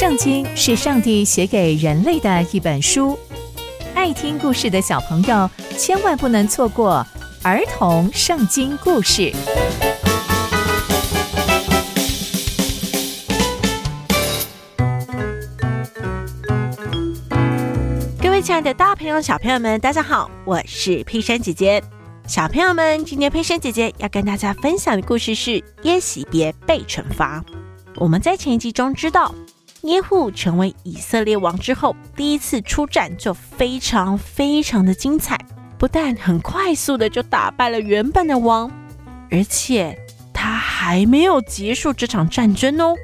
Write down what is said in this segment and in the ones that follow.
聖經是上帝寫給人類的一本書，愛聽故事的小朋友千萬不能錯過兒童聖經故事。各位親愛的大朋友、小朋友們，大家好，我是佩珊姐姐。小朋友們，今天佩珊姐姐要跟大家分享的故事是《耶洗別被懲罰》。我們在前一集中知道。耶戶成為以色列王之後，第一次出戰就非常非常的精彩，不但很快速的就打敗了原本的王，而且他還沒有結束這場戰爭哦。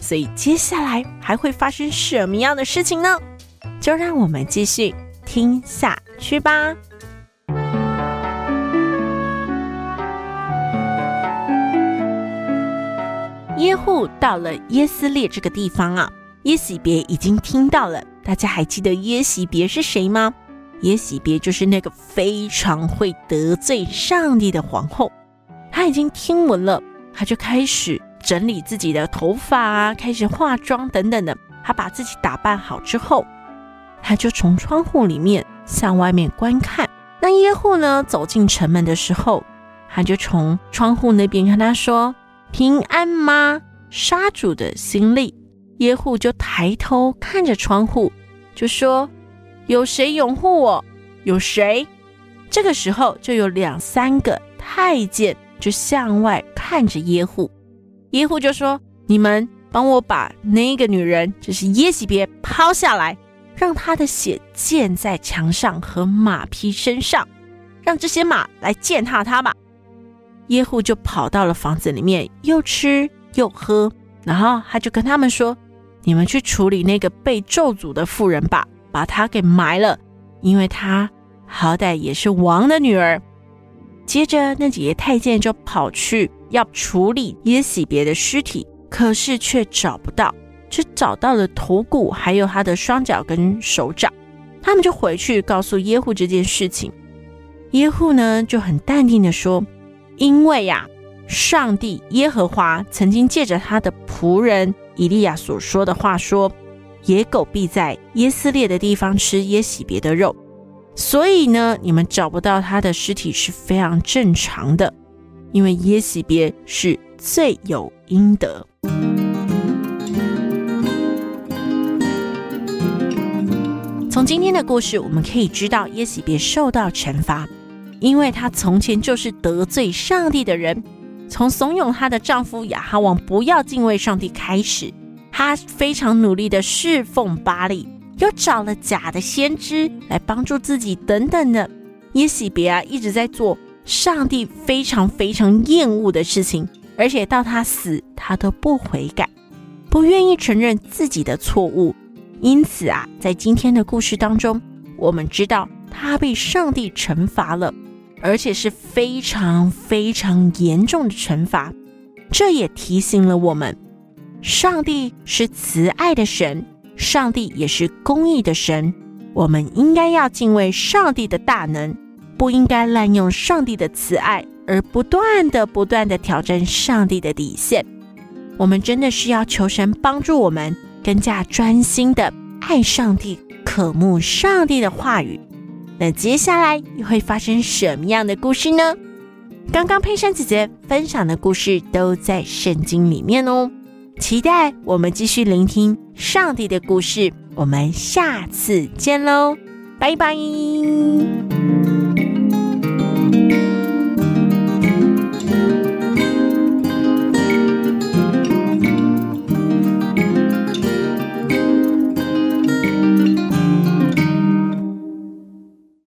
所以接下來還會發生什麼樣的事情呢？就讓我們繼續聽下去吧。到了耶斯列這個地方啊，耶洗別已經聽到了。大家還記得耶洗別是誰嗎？耶洗別就是那個非常會得罪上帝的皇後。她已經聽聞了，她就開始整理自己的頭髮，啊，開始化妝等等的。她把自己打扮好之後，她就從窗戶裡面向外面觀看。那耶戶呢，走進城門的時候，他就從窗戶那邊跟他說：“平安嗎？”殺主的心力。耶戶就抬頭看着窗戶，就說：“有誰擁護我？有誰？”這個時候就有兩三個太監就向外看着耶戶。耶戶就說：“你們幫我把那個女人，就是耶洗別拋下來，讓她的血濺在牆上和馬匹身上，讓這些馬來踐踏她吧。”耶戶就跑到了房子裡面，又吃。又喝，然後他就跟他們說：“你們去處理那個被咒詛的婦人吧，把她給埋了，因為她好歹也是王的女兒。”接着，那幾個太監就跑去要處理耶洗別的屍體，可是卻找不到，只找到了頭骨，還有他的雙腳跟手掌。他們就回去告訴耶戶這件事情，耶戶呢就很淡定的說：“因為呀、啊。”上帝耶和華曾經借着他的僕人以利亞所說的話說：“野狗必在耶斯列的地方吃耶洗別的肉。”所以呢，你們找不到他的屍體是非常正常的，因為耶洗別是罪有應得。從今天的故事，我們可以知道耶洗別受到懲罰，因為他從前就是得罪上帝的人。從慫恿她的丈夫亞哈王不要敬畏上帝開始，她非常努力的侍奉巴力，又找了假的先知來幫助自己，等等的。耶洗別啊一直在做上帝非常非常厭惡的事情，而且到她死，她都不悔改，不願意承認自己的錯誤。因此啊，在今天的故事當中，我們知道她被上帝懲罰了。而且是非常非常嚴重的懲罰，這也提醒了我們，上帝是慈愛的神，上帝也是公義的神。我們應該要敬畏上帝的大能，不應該濫用上帝的慈愛，而不斷的不斷的挑戰上帝的底線。我們真的是要求神幫助我們，更加專心的愛上帝，渴慕上帝的話語。那接下來又會發生什麼樣的故事呢？剛剛佩珊姐姐分享的故事都在聖經裡面哦，期待我們繼續聆聽上帝的故事。我們下次見嘍，拜拜。